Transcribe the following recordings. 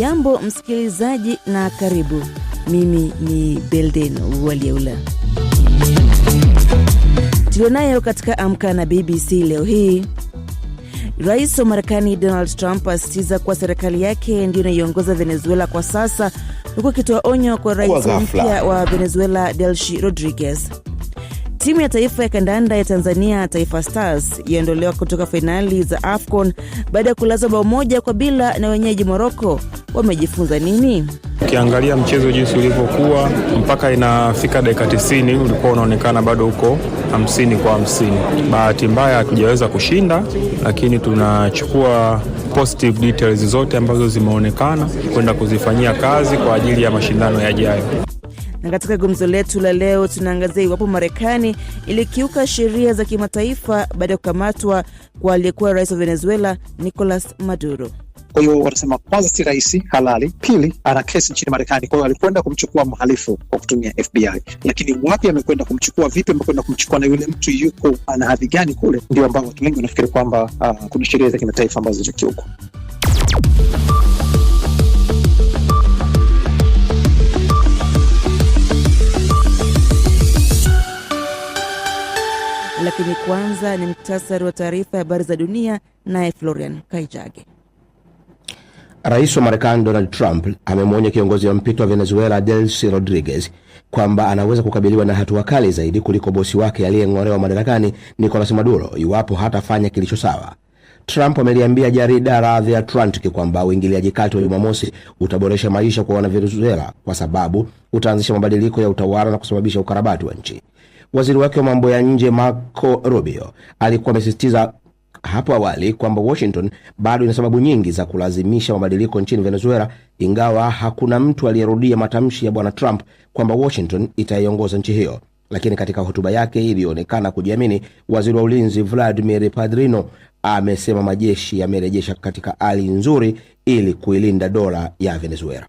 Jambo msikilizaji na karibu. Mimi ni Belden Walieula tulionayo katika Amka na BBC leo hii. Rais wa Marekani Donald Trump asitiza kuwa serikali yake ndiyo inayoongoza Venezuela kwa sasa, huku akitoa onyo kwa rais mpya wa Venezuela delshi Rodriguez. Timu ya taifa ya kandanda ya Tanzania, Taifa Stars, yaondolewa kutoka fainali za AFCON baada ya kulazwa bao moja kwa bila na wenyeji Moroko. Wamejifunza nini? Ukiangalia mchezo jinsi ulivyokuwa mpaka inafika dakika 90 ulikuwa unaonekana bado huko hamsini kwa hamsini. Bahati mbaya hatujaweza kushinda, lakini tunachukua positive details zote ambazo zimeonekana kwenda kuzifanyia kazi kwa ajili ya mashindano yajayo. Na katika gumzo letu la leo tunaangazia iwapo Marekani ilikiuka sheria za kimataifa baada ya kukamatwa kwa aliyekuwa rais wa Venezuela Nicolas Maduro. Kwa hiyo wanasema kwanza, si rahisi halali; pili, ana kesi nchini Marekani. Kwa hiyo alikwenda kumchukua mhalifu kwa kutumia FBI, lakini wapi amekwenda kumchukua, vipi amekwenda kumchukua, na yule mtu yuko ana hadhi gani kule? Ndio ambao watu wengi wanafikiri kwamba uh, kuna sheria za kimataifa ambazo zilikiukwa. lakini kwanza ni mktasari wa taarifa ya habari za dunia, naye Florian Kaijage. Rais wa Marekani Donald Trump amemwonya kiongozi wa mpito wa Venezuela delsi Rodriguez kwamba anaweza kukabiliwa na hatua kali zaidi kuliko bosi wake aliyeng'olewa madarakani Nicolas Maduro iwapo hatafanya kilicho sawa. Trump ameliambia jarida la The Atlantic kwamba uingiliaji kati wa Jumamosi utaboresha maisha kwa Wanavenezuela kwa sababu utaanzisha mabadiliko ya utawala na kusababisha ukarabati wa nchi. Waziri wake wa mambo ya nje Marco Rubio alikuwa amesisitiza hapo awali kwamba Washington bado ina sababu nyingi za kulazimisha mabadiliko nchini Venezuela, ingawa hakuna mtu aliyerudia matamshi ya bwana Trump kwamba Washington itaiongoza nchi hiyo. Lakini katika hotuba yake iliyoonekana kujiamini, waziri wa ulinzi Vladimir Padrino amesema majeshi yamerejesha katika hali nzuri ili kuilinda dola ya Venezuela.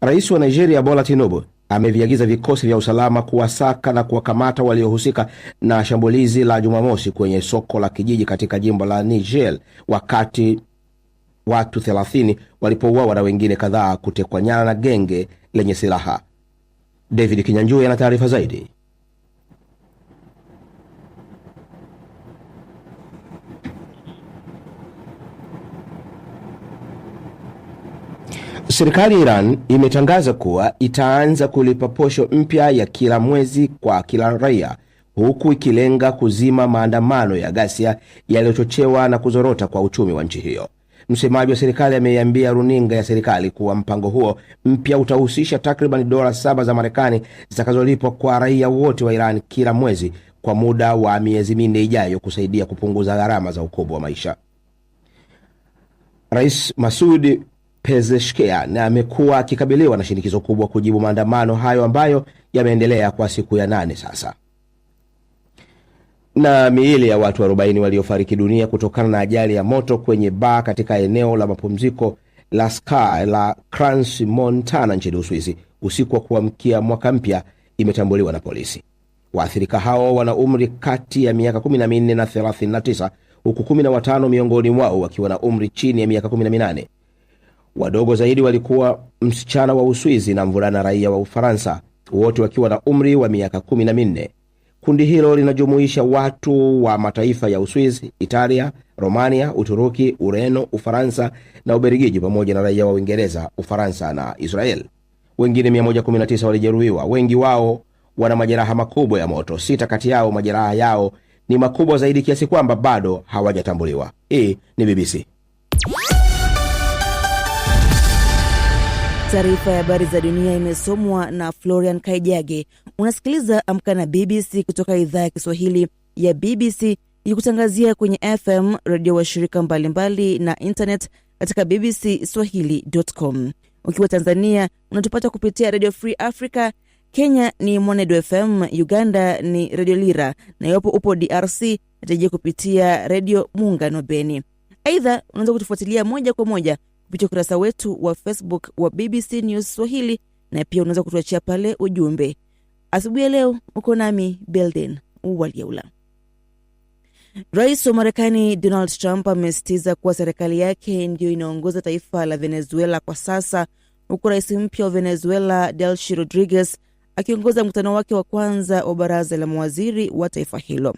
Rais wa Nigeria Bola Tinubu ameviagiza vikosi vya usalama kuwasaka na kuwakamata waliohusika na shambulizi la Jumamosi kwenye soko la kijiji katika jimbo la Niger wakati watu 30 walipouawa na wengine kadhaa kutekwa nyara na genge lenye silaha. David Kinyanjui ana taarifa zaidi. Serikali ya Iran imetangaza kuwa itaanza kulipa posho mpya ya kila mwezi kwa kila raia, huku ikilenga kuzima maandamano ya ghasia yaliyochochewa na kuzorota kwa uchumi wa nchi hiyo. Msemaji wa serikali ameiambia runinga ya serikali kuwa mpango huo mpya utahusisha takriban dola saba za Marekani zitakazolipwa kwa raia wote wa Iran kila mwezi kwa muda wa miezi minne ijayo, kusaidia kupunguza gharama za ukubwa wa maisha. Rais Masudi Pezeshkian amekuwa akikabiliwa na shinikizo kubwa kujibu maandamano hayo ambayo yameendelea kwa siku ya nane sasa. Na miili ya watu 40 waliofariki dunia kutokana na ajali ya moto kwenye baa katika eneo la mapumziko la Sky la Crans Montana nchini Uswizi usiku wa kuamkia mwaka mpya imetambuliwa na polisi. Waathirika hao wana umri kati ya miaka 14 na 39 huku 15 miongoni mwao wakiwa na umri chini ya miaka 18. Wadogo zaidi walikuwa msichana wa Uswizi na mvulana raia wa Ufaransa, wote wakiwa na umri wa miaka kumi na minne. Kundi hilo linajumuisha watu wa mataifa ya Uswizi, Italia, Romania, Uturuki, Ureno, Ufaransa na Ubelgiji, pamoja na raia wa Uingereza, Ufaransa na Israel. Wengine 119 walijeruhiwa, wengi wao wana majeraha makubwa ya moto. Sita kati yao majeraha yao ni makubwa zaidi kiasi kwamba bado hawajatambuliwa. Hii ni BBC. Taarifa ya habari za dunia imesomwa na Florian Kaijage. Unasikiliza Amka na BBC kutoka idhaa ya Kiswahili ya BBC ikutangazia kwenye FM redio wa shirika mbalimbali na internet katika bbc bbcswahili.com. Ukiwa Tanzania unatupata kupitia Radio Free Africa, Kenya ni Mwanedu FM, Uganda ni Redio Lira na iwapo upo DRC atajia kupitia Redio Muungano Beni. Aidha, unaweza kutufuatilia moja kwa moja kupitia ukurasa wetu wa Facebook wa BBC News Swahili, na pia unaweza kutuachia pale ujumbe. Asubuhi ya leo uko nami Belden Walieula. Rais wa Marekani Donald Trump amesitiza kuwa serikali yake ndiyo inaongoza taifa la Venezuela kwa sasa, huku rais mpya wa Venezuela delshi Rodriguez akiongoza mkutano wake wa kwanza wa baraza la mawaziri wa taifa hilo.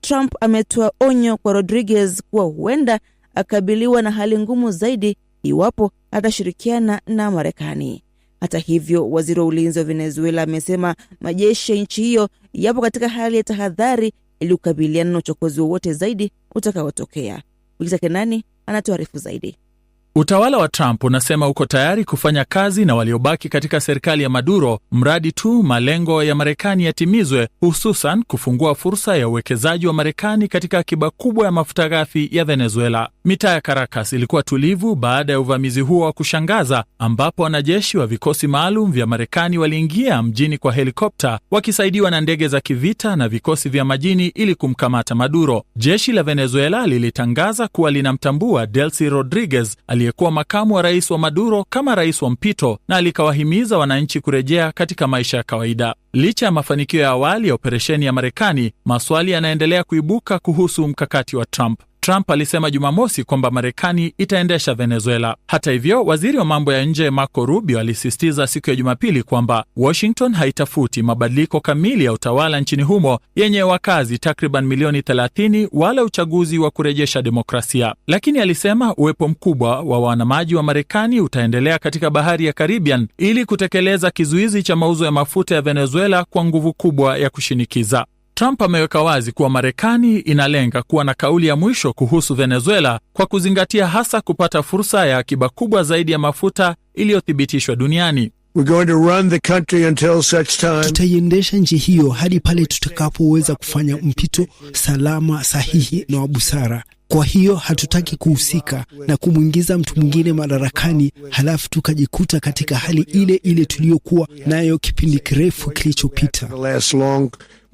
Trump ametoa onyo kwa Rodriguez kuwa huenda akabiliwa na hali ngumu zaidi iwapo atashirikiana na Marekani. Hata hivyo, waziri wa ulinzi wa Venezuela amesema majeshi ya nchi hiyo yapo katika hali ya tahadhari ili kukabiliana na uchokozi wowote zaidi utakaotokea. Wilisa Kenani anatoarifu zaidi. Utawala wa Trump unasema uko tayari kufanya kazi na waliobaki katika serikali ya Maduro mradi tu malengo ya Marekani yatimizwe, hususan kufungua fursa ya uwekezaji wa Marekani katika akiba kubwa ya mafuta ghafi ya Venezuela. Mitaa ya Caracas ilikuwa tulivu baada ya uvamizi huo wa kushangaza, ambapo wanajeshi wa vikosi maalum vya Marekani waliingia mjini kwa helikopta wakisaidiwa na ndege za kivita na vikosi vya majini ili kumkamata Maduro. Jeshi la Venezuela lilitangaza kuwa linamtambua Delcy Rodriguez aliyekuwa makamu wa rais wa Maduro kama rais wa mpito na alikawahimiza wananchi kurejea katika maisha ya kawaida. Licha ya mafanikio ya awali ya operesheni ya Marekani, maswali yanaendelea kuibuka kuhusu mkakati wa Trump. Trump alisema Jumamosi kwamba Marekani itaendesha Venezuela. Hata hivyo, waziri wa mambo ya nje Marco Rubio alisisitiza siku ya Jumapili kwamba Washington haitafuti mabadiliko kamili ya utawala nchini humo yenye wakazi takriban milioni 30 wala uchaguzi wa kurejesha demokrasia, lakini alisema uwepo mkubwa wa wanamaji wa Marekani utaendelea katika bahari ya Caribbean ili kutekeleza kizuizi cha mauzo ya mafuta ya Venezuela kwa nguvu kubwa ya kushinikiza. Trump ameweka wazi kuwa Marekani inalenga kuwa na kauli ya mwisho kuhusu Venezuela kwa kuzingatia hasa kupata fursa ya akiba kubwa zaidi ya mafuta iliyothibitishwa duniani. Tutaiendesha nchi hiyo hadi pale tutakapoweza kufanya mpito salama, sahihi na wa busara. Kwa hiyo hatutaki kuhusika na kumwingiza mtu mwingine madarakani halafu tukajikuta katika hali ile ile tuliyokuwa nayo kipindi kirefu kilichopita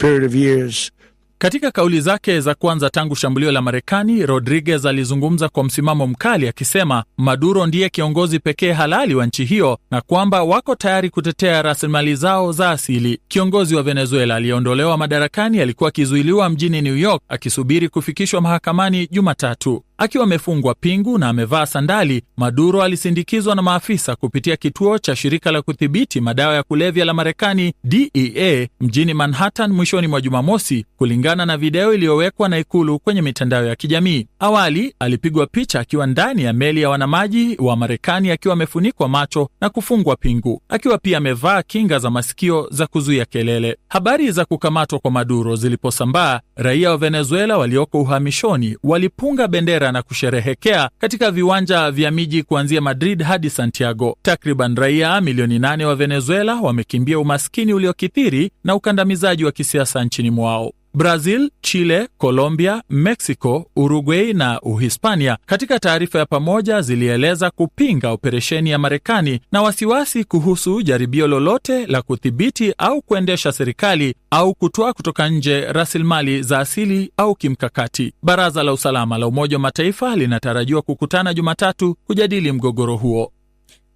period of years. Katika kauli zake za kwanza tangu shambulio la Marekani, Rodriguez alizungumza kwa msimamo mkali akisema Maduro ndiye kiongozi pekee halali wa nchi hiyo na kwamba wako tayari kutetea rasilimali zao za asili. Kiongozi wa Venezuela aliyeondolewa madarakani alikuwa akizuiliwa mjini New York akisubiri kufikishwa mahakamani Jumatatu. Akiwa amefungwa pingu na amevaa sandali, Maduro alisindikizwa na maafisa kupitia kituo cha shirika la kudhibiti madawa ya kulevya la Marekani DEA mjini Manhattan mwishoni mwa Jumamosi, kulingana na video iliyowekwa na ikulu kwenye mitandao ya kijamii. Awali alipigwa picha akiwa ndani ya meli ya wanamaji wa Marekani akiwa amefunikwa macho na kufungwa pingu, akiwa pia amevaa kinga za masikio za kuzuia kelele. Habari za kukamatwa kwa Maduro ziliposambaa Raia wa Venezuela walioko uhamishoni walipunga bendera na kusherehekea katika viwanja vya miji kuanzia Madrid hadi Santiago. Takriban raia milioni nane wa Venezuela wamekimbia umaskini uliokithiri na ukandamizaji wa kisiasa nchini mwao. Brazil, Chile, Colombia, Mexico, Uruguay na Uhispania katika taarifa ya pamoja zilieleza kupinga operesheni ya Marekani na wasiwasi kuhusu jaribio lolote la kudhibiti au kuendesha serikali au kutoa kutoka nje rasilimali za asili au kimkakati. Baraza la Usalama la Umoja wa Mataifa linatarajiwa kukutana Jumatatu kujadili mgogoro huo.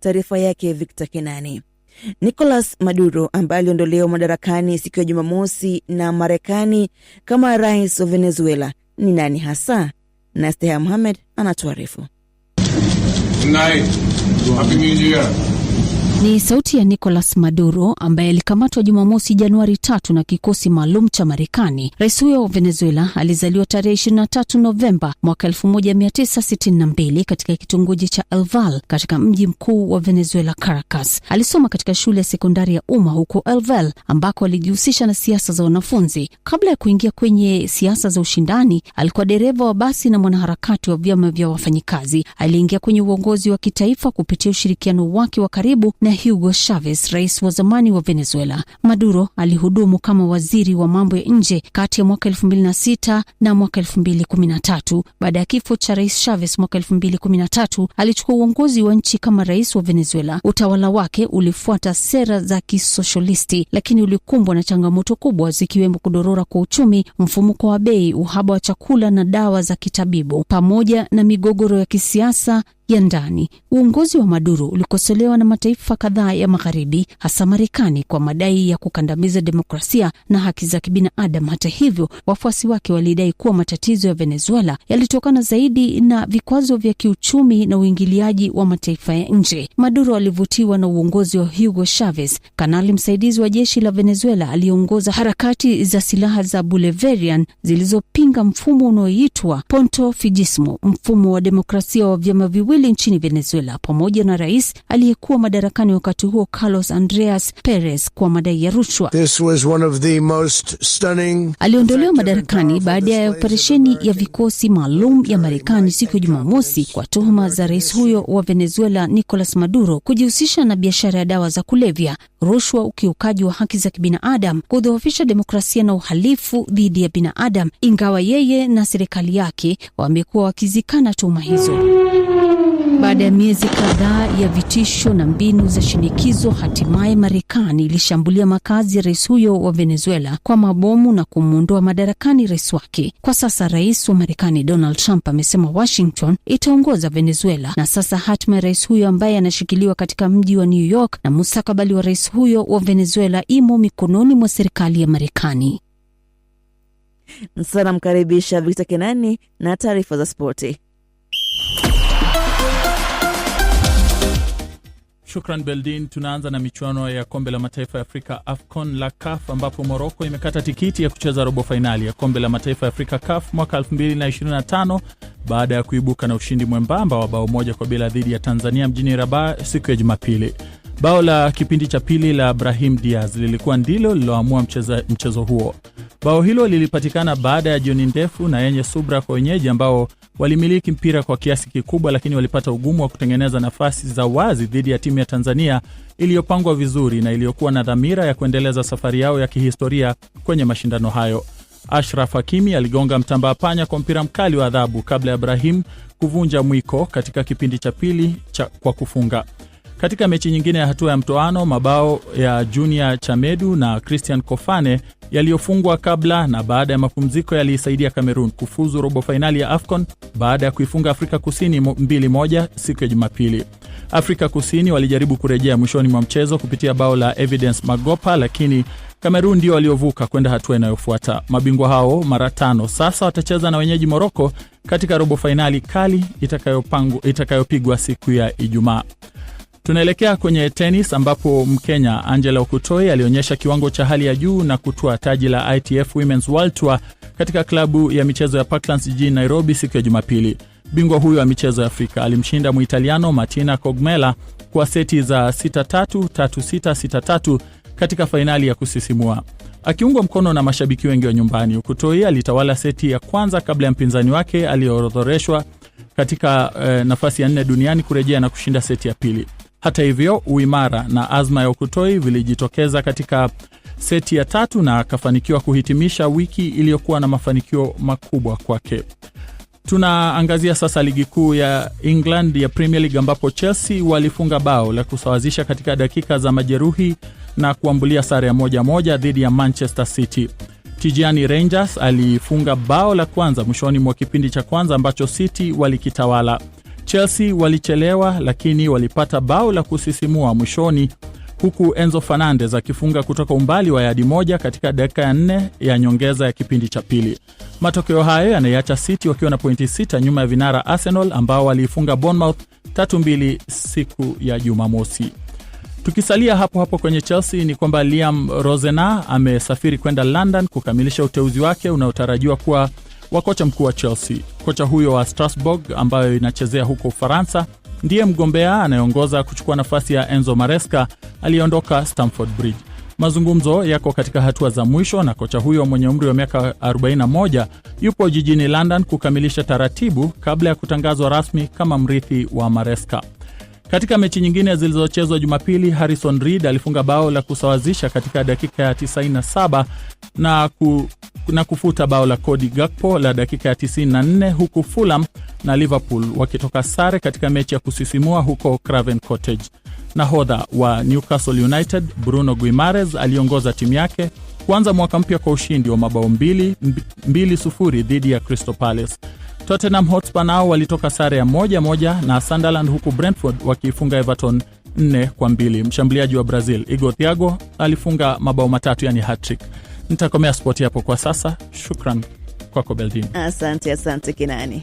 Taarifa yake Victor Nicolas Maduro ambaye aliondolewa madarakani siku ya Jumamosi na Marekani kama rais wa Venezuela ni nani hasa? Nasteha Muhamed anatuarifu. Ni sauti ya Nicolas Maduro ambaye alikamatwa Jumamosi Januari tatu na kikosi maalum cha Marekani. Rais huyo wa Venezuela alizaliwa tarehe tatu Novemba mwaka mbili katika kitongoji cha Elval katika mji mkuu wa Venezuela, Caracas. Alisoma katika shule ya sekondari ya umma huko Elval ambako alijihusisha na siasa za wanafunzi. Kabla ya kuingia kwenye siasa za ushindani, alikuwa dereva wa basi na mwanaharakati wa vyama vya wafanyikazi. Aliingia kwenye uongozi wa kitaifa kupitia ushirikiano wake wa karibu na Hugo Chavez, rais wa zamani wa Venezuela. Maduro alihudumu kama waziri wa mambo ya nje kati ya mwaka 2006 na mwaka 2013. Baada ya kifo cha rais Chavez mwaka 2013, alichukua uongozi wa nchi kama rais wa Venezuela. Utawala wake ulifuata sera za kisoshalisti, lakini ulikumbwa na changamoto kubwa zikiwemo kudorora kwa uchumi, mfumuko wa bei, uhaba wa chakula na dawa za kitabibu, pamoja na migogoro ya kisiasa ya ndani. Uongozi wa maduru ulikosolewa na mataifa kadhaa ya Magharibi, hasa Marekani, kwa madai ya kukandamiza demokrasia na haki za kibinadamu. Hata hivyo, wafuasi wake walidai kuwa matatizo ya Venezuela yalitokana zaidi na vikwazo vya kiuchumi na uingiliaji wa mataifa ya nje. Maduro alivutiwa na uongozi wa Hugo Chavez, kanali msaidizi wa jeshi la Venezuela aliyeongoza harakati za silaha za bulevarian zilizopinga mfumo unaoitwa Ponto Fijismo, mfumo wa demokrasia wa vyama viwili wawili nchini Venezuela pamoja na rais aliyekuwa madarakani wakati huo Carlos Andreas Perez kwa madai ya rushwa. Aliondolewa madarakani baada ya operesheni ya vikosi maalum ya Marekani siku ya Jumamosi kwa tuhuma za rais huyo wa Venezuela Nicolas Maduro kujihusisha na biashara ya dawa za kulevya, rushwa, ukiukaji wa haki za kibinadam kudhoofisha demokrasia na uhalifu dhidi ya binadam ingawa yeye na serikali yake wamekuwa wakizikana tuhuma hizo. Baada ya miezi kadhaa ya vitisho na mbinu za shinikizo, hatimaye Marekani ilishambulia makazi ya rais huyo wa Venezuela kwa mabomu na kumwondoa madarakani rais wake. Kwa sasa rais wa Marekani Donald Trump amesema Washington itaongoza Venezuela, na sasa hatima ya rais huyo ambaye anashikiliwa katika mji wa New York na mustakabali wa rais huyo wa Venezuela imo mikononi mwa serikali ya Marekani. Sasa namkaribisha Victor Kenani na taarifa za spoti. Shukran Beldin. Tunaanza na michuano ya kombe la mataifa ya Afrika AFCON la CAF ambapo Moroko imekata tikiti ya kucheza robo fainali ya kombe la mataifa ya Afrika CAF mwaka 225 baada ya kuibuka na ushindi mwembamba wa bao moja kwa bila dhidi ya Tanzania mjini raba siku ya Jumapili. Bao la kipindi cha pili la Brahim Diaz lilikuwa ndilo lililoamua mchezo, mchezo huo. Bao hilo lilipatikana baada ya jioni ndefu na yenye subra kwa wenyeji ambao walimiliki mpira kwa kiasi kikubwa, lakini walipata ugumu wa kutengeneza nafasi za wazi dhidi ya timu ya Tanzania iliyopangwa vizuri na iliyokuwa na dhamira ya kuendeleza safari yao ya kihistoria kwenye mashindano hayo. Ashraf Hakimi aligonga mtambaa panya kwa mpira mkali wa adhabu kabla ya Brahim kuvunja mwiko katika kipindi cha pili cha kwa kufunga. Katika mechi nyingine ya hatua ya mtoano, mabao ya Junior Chamedu na Christian Kofane yaliyofungwa kabla na baada ya mapumziko yaliisaidia Cameroon kufuzu robo fainali ya AFCON baada ya kuifunga Afrika Kusini 2-1 siku ya Jumapili. Afrika Kusini walijaribu kurejea mwishoni mwa mchezo kupitia bao la Evidence Magopa, lakini Kamerun ndio waliovuka kwenda hatua inayofuata. Mabingwa hao mara tano sasa watacheza na wenyeji Moroko katika robo fainali kali itakayopigwa itakayopigwa siku ya Ijumaa. Tunaelekea kwenye tenis ambapo Mkenya Angela Okutoi alionyesha kiwango cha hali ya juu na kutoa taji la ITF Women's World Tour katika klabu ya michezo ya Parklands jijini Nairobi siku ya Jumapili. Bingwa huyo wa michezo ya Afrika alimshinda Muitaliano Martina Cogmela kwa seti za 6-3, 3-6, 6-3 katika fainali ya kusisimua. Akiungwa mkono na mashabiki wengi wa nyumbani, Okutoi alitawala seti ya kwanza kabla ya mpinzani wake aliyeorodhoreshwa katika eh, nafasi ya nne duniani kurejea na kushinda seti ya pili. Hata hivyo, uimara na azma ya Okutoi vilijitokeza katika seti ya tatu na akafanikiwa kuhitimisha wiki iliyokuwa na mafanikio makubwa kwake. Tunaangazia sasa ligi kuu ya England ya Premier League ambapo Chelsea walifunga bao la kusawazisha katika dakika za majeruhi na kuambulia sare ya moja moja dhidi ya Manchester City. Tijiani Rangers alifunga bao la kwanza mwishoni mwa kipindi cha kwanza ambacho City walikitawala. Chelsea walichelewa lakini walipata bao la kusisimua mwishoni, huku Enzo Fernandez akifunga kutoka umbali wa yadi moja katika dakika ya nne ya nyongeza ya kipindi cha pili. Matokeo hayo yanaiacha City wakiwa na pointi sita nyuma ya vinara Arsenal ambao waliifunga Bournemouth tatu mbili siku ya Jumamosi. Tukisalia hapo hapo kwenye Chelsea ni kwamba Liam Rosena amesafiri kwenda London kukamilisha uteuzi wake unaotarajiwa kuwa wa kocha mkuu wa Chelsea. Kocha huyo wa Strasbourg ambayo inachezea huko Ufaransa ndiye mgombea anayeongoza kuchukua nafasi ya Enzo Maresca aliyeondoka Stamford Bridge. Mazungumzo yako katika hatua za mwisho na kocha huyo mwenye umri wa miaka 41 yupo jijini London kukamilisha taratibu kabla ya kutangazwa rasmi kama mrithi wa Maresca. Katika mechi nyingine zilizochezwa Jumapili, Harrison Reed alifunga bao la kusawazisha katika dakika ya 97 na, ku, na kufuta bao la Cody Gakpo la dakika ya 94 huku Fulham na Liverpool wakitoka sare katika mechi ya kusisimua huko Craven Cottage. Nahodha wa Newcastle United Bruno Guimares aliongoza timu yake kuanza mwaka mpya kwa ushindi wa mabao mbili, mbili sufuri dhidi ya Crystal Palace. Tottenham Hotspur nao walitoka sare ya moja moja na Sunderland, huku Brentford wakiifunga Everton 4 kwa 2. Mshambuliaji wa Brazil Igor Thiago alifunga mabao matatu, yani hatrick ntakomea Nitakomea spoti hapo kwa sasa. Shukran kwako Beldini. Asante, asante Kinani.